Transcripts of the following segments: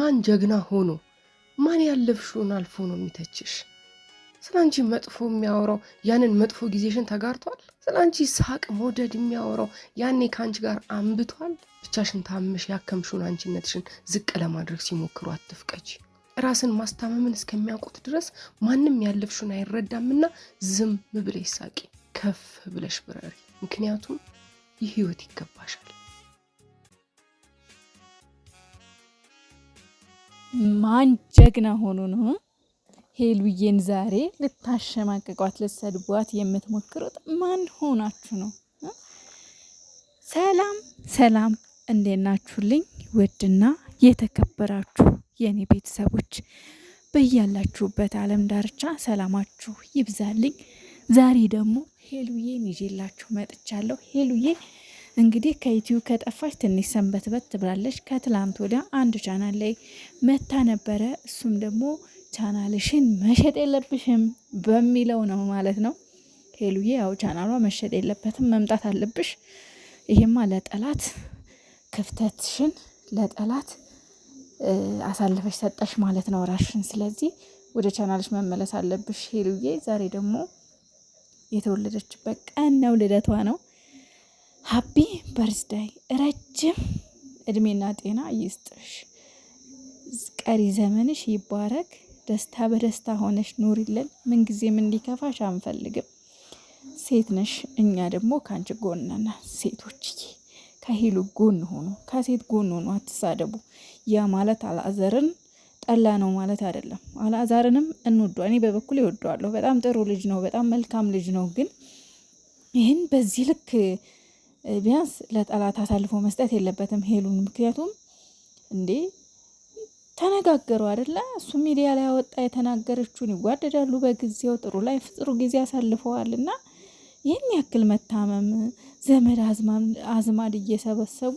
ማን ጀግና ሆኖ ማን ያለፍሽውን አልፎ ነው የሚተችሽ? ስለ አንቺ መጥፎ የሚያወራው ያንን መጥፎ ጊዜሽን ተጋርቷል? ስለ አንቺ ሳቅ መውደድ የሚያወራው ያኔ ከአንቺ ጋር አንብቷል? ብቻሽን ታምሽ ያከምሽውን አንቺነትሽን ዝቅ ለማድረግ ሲሞክሩ አትፍቀጂ። ራስን ማስታመምን እስከሚያውቁት ድረስ ማንም ያለፍሽውን አይረዳምና ዝም ብለሽ ሳቂ፣ ከፍ ብለሽ ብረሪ። ምክንያቱም ይህ ህይወት ይገባሻል። ማን ጀግና ሆኖ ነው ሄሉዬን ዛሬ ልታሸማቅቋት ልትሰድቧት የምትሞክሩት? ማን ሆናችሁ ነው? ሰላም ሰላም፣ እንዴት ናችሁልኝ? ውድና የተከበራችሁ የእኔ ቤተሰቦች በያላችሁበት ዓለም ዳርቻ ሰላማችሁ ይብዛልኝ። ዛሬ ደግሞ ሄሉዬን ይዤላችሁ መጥቻለሁ። ሄሉዬ እንግዲህ ከዩቲዩብ ከጠፋች ትንሽ ሰንበት በት ትብላለች። ከትላንት ወዲያ አንዱ ቻናል ላይ መታ ነበረ። እሱም ደግሞ ቻናልሽን መሸጥ የለብሽም በሚለው ነው ማለት ነው። ሄሉዬ ያው ቻናሏ መሸጥ የለበትም መምጣት አለብሽ። ይሄማ ለጠላት ክፍተትሽን ለጠላት አሳልፈሽ ሰጠሽ ማለት ነው ራሽን። ስለዚህ ወደ ቻናልሽ መመለስ አለብሽ ሄሉዬ። ዛሬ ደግሞ የተወለደችበት ቀን ነው፣ ልደቷ ነው። ሀፒ በርዝዳይ ረጅም እድሜና ጤና ይስጥሽ። ቀሪ ዘመንሽ ይባረክ። ደስታ በደስታ ሆነሽ ኑሪልን። ምንጊዜም እንዲከፋሽ አንፈልግም። ሴት ነሽ፣ እኛ ደግሞ ከአንቺ ጎንና ሴቶችዬ ከሄሉ ጎን ሆኑ፣ ከሴት ጎን ሆኑ፣ አትሳደቡ። ያ ማለት አልአዘርን ጠላ ነው ማለት አይደለም። አላዛርንም እንወዷ እኔ በበኩል ይወደዋለሁ። በጣም ጥሩ ልጅ ነው፣ በጣም መልካም ልጅ ነው። ግን ይህን በዚህ ልክ ቢያንስ ለጠላት አሳልፎ መስጠት የለበትም ሄሉን። ምክንያቱም እንዴ ተነጋገሩ አደለ? እሱ ሚዲያ ላይ ያወጣ የተናገረችውን ይዋደዳሉ፣ በጊዜው ጥሩ ላይ ፍጥሩ ጊዜ አሳልፈዋል። እና ይህን ያክል መታመም ዘመድ አዝማድ እየሰበሰቡ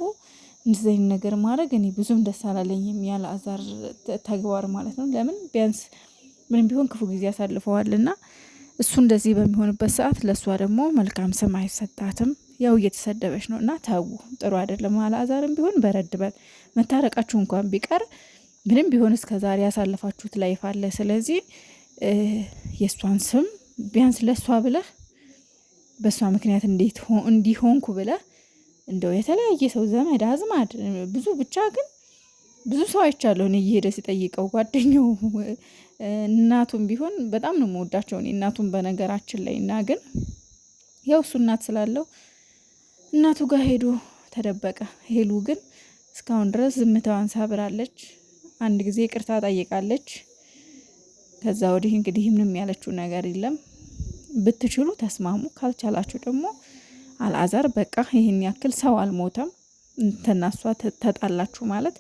እንደዚህ ነገር ማድረግ እኔ ብዙም ደስ አላለኝም። ያለ አዛር ተግባር ማለት ነው። ለምን ቢያንስ ምንም ቢሆን ክፉ ጊዜ አሳልፈዋል እና እሱ እንደዚህ በሚሆንበት ሰዓት ለእሷ ደግሞ መልካም ስም አይሰጣትም። ያው እየተሰደበች ነው እና ተዉ፣ ጥሩ አይደለም። አላዛርም ቢሆን በረድ በል መታረቃችሁ እንኳን ቢቀር ምንም ቢሆን እስከ ዛሬ ያሳለፋችሁት ላይፍ አለ። ስለዚህ የእሷን ስም ቢያንስ ለእሷ ብለህ በእሷ ምክንያት እንዴት እንዲሆንኩ ብለህ እንደው የተለያየ ሰው ዘመድ አዝማድ ብዙ ብቻ ግን ብዙ ሰው አይቻለሁ እኔ እየሄደ ሲጠይቀው ጓደኛው እናቱም ቢሆን በጣም ነው መወዳቸው እኔ እናቱም በነገራችን ላይ እና ግን ያው እሱ እናት ስላለው እናቱ ጋር ሄዶ ተደበቀ። ሄሉ ግን እስካሁን ድረስ ዝምታዋን ሰብራለች። አንድ ጊዜ ቅርታ ጠይቃለች። ከዛ ወዲህ እንግዲህ ምንም ያለችው ነገር የለም። ብትችሉ ተስማሙ፣ ካልቻላችሁ ደግሞ አልአዛር በቃ ይህን ያክል ሰው አልሞተም እንተናሷ ተጣላችሁ ማለት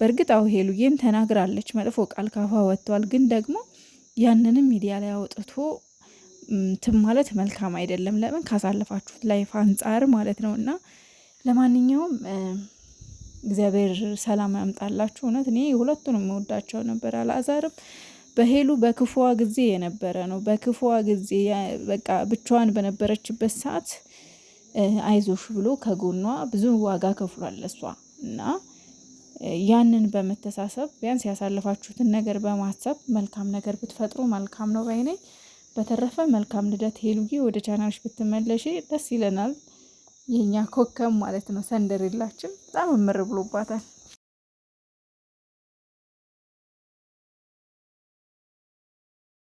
በእርግጥ ሄሉ ሄሉዬም ተናግራለች፣ መጥፎ ቃል ካፏ ወጥቷል። ግን ደግሞ ያንንም ሚዲያ ላይ አውጥቶ እንትን ማለት መልካም አይደለም። ለምን ካሳለፋችሁት ላይፍ አንጻር ማለት ነው። እና ለማንኛውም እግዚአብሔር ሰላም ያምጣላችሁ። እውነት እኔ ሁለቱንም እወዳቸው ነበር። አላዛርም በሄሉ በክፉዋ ጊዜ የነበረ ነው። በክፉዋ ጊዜ በቃ ብቻዋን በነበረችበት ሰዓት አይዞሽ ብሎ ከጎኗ ብዙ ዋጋ ከፍሏል እሷ እና ያንን በመተሳሰብ ቢያንስ ያሳለፋችሁትን ነገር በማሰብ መልካም ነገር ብትፈጥሩ መልካም ነው ባይ በተረፈ መልካም ልደት ሄሉዬ፣ ወደ ቻናልሽ ብትመለሽ ደስ ይለናል። የእኛ ኮከብ ማለት ነው ሰንደሪላችን በጣም እምር ብሎባታል።